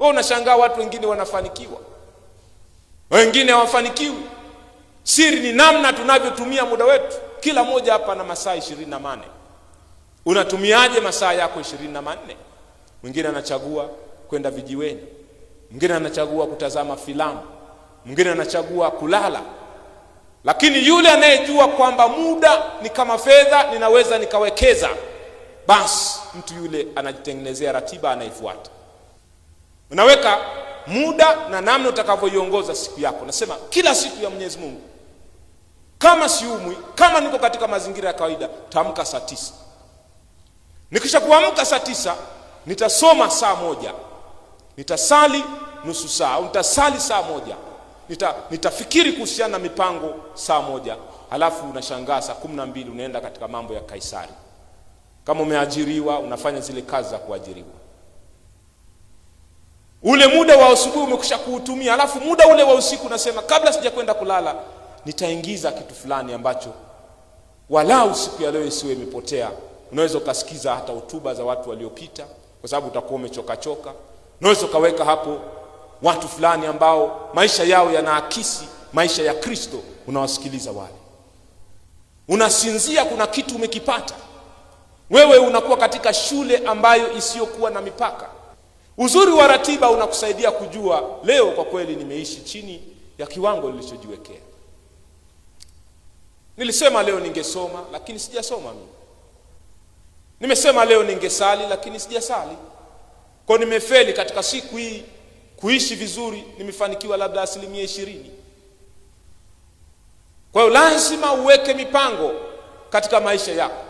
Wewe unashangaa watu wengine wanafanikiwa, wengine hawafanikiwi. Siri ni namna tunavyotumia muda wetu. Kila mmoja hapa na masaa ishirini na Unatumiaje masaa yako ishirini na manne? Mwingine anachagua kwenda vijiweni, mwingine anachagua kutazama filamu, mwingine anachagua kulala. Lakini yule anayejua kwamba muda ni kama fedha, ninaweza nikawekeza, basi mtu yule anajitengenezea ratiba anaifuata. Unaweka muda na namna utakavyoiongoza siku yako. Nasema kila siku ya Mwenyezi Mungu, kama siumwi, kama niko katika mazingira ya kawaida, tamka saa tisa. Nikisha kuamka saa tisa, nitasoma saa moja, nitasali nusu saa au nitasali saa moja, nita nitafikiri kuhusiana na mipango saa moja, halafu unashangaa saa kumi na mbili unaenda katika mambo ya Kaisari. Kama umeajiriwa unafanya zile kazi za kuajiriwa. Ule muda wa asubuhi umekusha kuutumia, alafu muda ule wa usiku unasema kabla sijakwenda kulala nitaingiza kitu fulani ambacho walau siku ya leo isiwe imepotea. Unaweza ukasikiza hata hotuba za watu waliopita, kwa sababu utakuwa umechokachoka. Unaweza ukaweka hapo watu fulani ambao maisha yao yanaakisi maisha ya Kristo, unawasikiliza wale. Unasinzia, kuna kitu umekipata wewe. Unakuwa katika shule ambayo isiyokuwa na mipaka. Uzuri wa ratiba unakusaidia kujua leo kwa kweli nimeishi chini ya kiwango nilichojiwekea. Nilisema leo ningesoma lakini sijasoma mimi. Nimesema leo ningesali lakini sijasali. Kwa nimefeli katika siku hii kuishi vizuri, nimefanikiwa labda asilimia ishirini. Kwa hiyo lazima uweke mipango katika maisha yako.